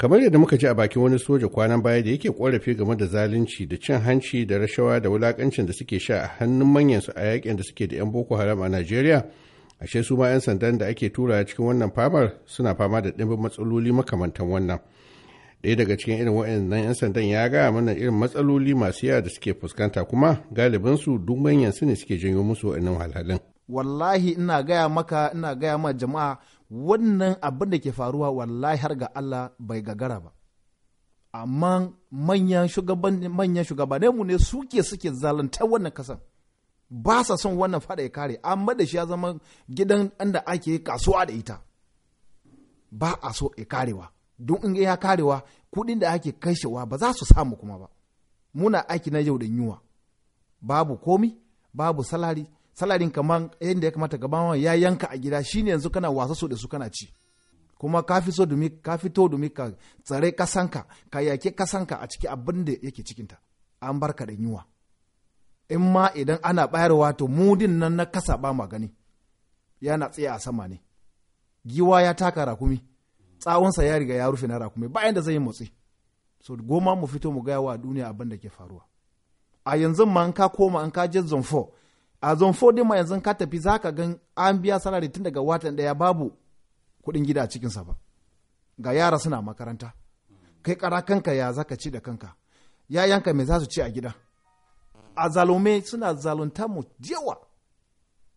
kamar yadda muka ji a bakin wani soja kwanan baya da yake korafi game da zalunci da cin hanci da rashawa da wulakancin da suke sha a hannun manyansu a yakin da suke da 'yan boko haram a najeriya ashe su ma 'yan sandan da ake tura cikin wannan famar suna fama da ɗimbin matsaloli makamantan wannan ɗaya daga cikin irin wa'annan 'yan sandan ya gaya mana irin matsaloli masu yawa da suke fuskanta kuma galibinsu duk manyan su ne suke janyo musu wannan halhalin wallahi ina gaya maka ina gaya ma jama'a wannan abin da ke faruwa wallahi har ga Allah bai gagara ba amma manyan mu ne suke suke zalunta wannan kasan ba sa son wannan fada ya kare amma da shi ya zama gidan inda ake kasuwa da ita ba a so ya karewa don in ya karewa kudin da ake kashewa ba za su samu kuma ba muna aiki na yau da yunwa babu komi babu salari salarin kamar yadda ya kamata gaban ya yanka a gida shine yanzu kana wasa so da su kana ci kuma ka fi so domin ka fito domin ka tsare kasanka ka yake kasanka a ciki abin da yake cikinta an barka da yunwa in ma idan ana bayarwa to mudin nan na kasa ba ma gani yana tsaye a sama ne giwa ya taka rakumi tsawonsa ya riga ya rufe na rakumi bayan da zai yi motsi so goma mu fito mu gaya wa duniya abin da ke faruwa a yanzu ma an ka koma an ka je 4. a zon ma yanzu ka tafi za ka gan an biya salari tun daga watan daya babu kuɗin gida a cikinsa ba ga yara suna makaranta kai kara kanka ya zaka ci da kanka yayanka mai za su ci a gida a zalume suna zalunta mu jewa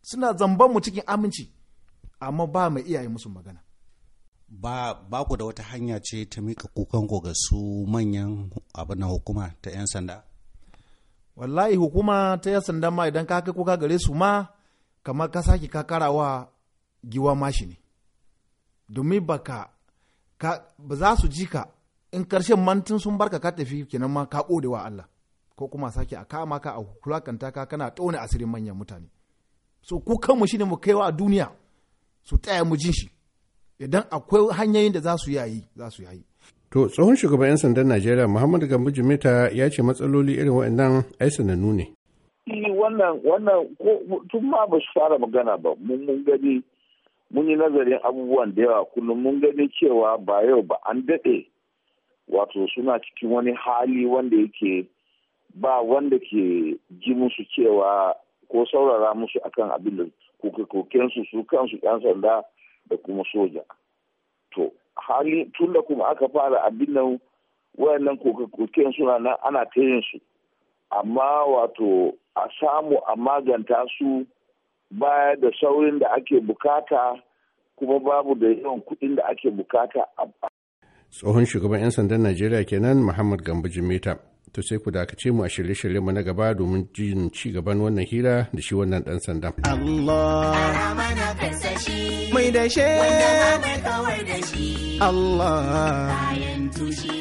suna zamban mu cikin aminci amma ba mai iyaye musu magana ba ba ku da wata hanya ce ta mika kukan ga su manyan abin hukuma ta 'yan sanda wallahi hukuma ta ya sanda ma idan ka kai kuka gare su ma kamar ka sake ka karawa giwa mashi ne domin ba ka ba za su ji ka in karshen mantin sun barka ka tafi kenan ma ka kode wa Allah ko kuma sake a kama ka a kulakanta ka kana tone asirin manyan mutane so ku mu shine mu kai wa duniya su taya mu jin shi idan akwai hanyoyin da za su yayi za su yayi To tsohon shugaban 'yan sandan Najeriya Muhammadu Gambo Jimita ya ce matsaloli irin waɗannan ai sanannu ne. wannan wannan tun ma ba su fara magana ba mun gani mun yi nazarin abubuwan da yawa kullum mun gani cewa ba yau ba an daɗe wato suna cikin wani hali wanda yake ba wanda ke ji musu cewa ko saurara musu akan abin da kokensu su kansu 'yan sanda da kuma soja. halin tun da kuma aka fara abin nan wayannan koke suna nan ana ta su amma wato a samu a maganta su baya da saurin da ake bukata kuma babu da yawan kuɗin da ake bukata a tsohon shugaban 'yan sandan najeriya kenan muhammad gambo jimeta to sai ku dakace mu a shirye mu na gaba domin jin ci gaban wannan hira da shi wannan dan sandan. da shi Allah bayan tushe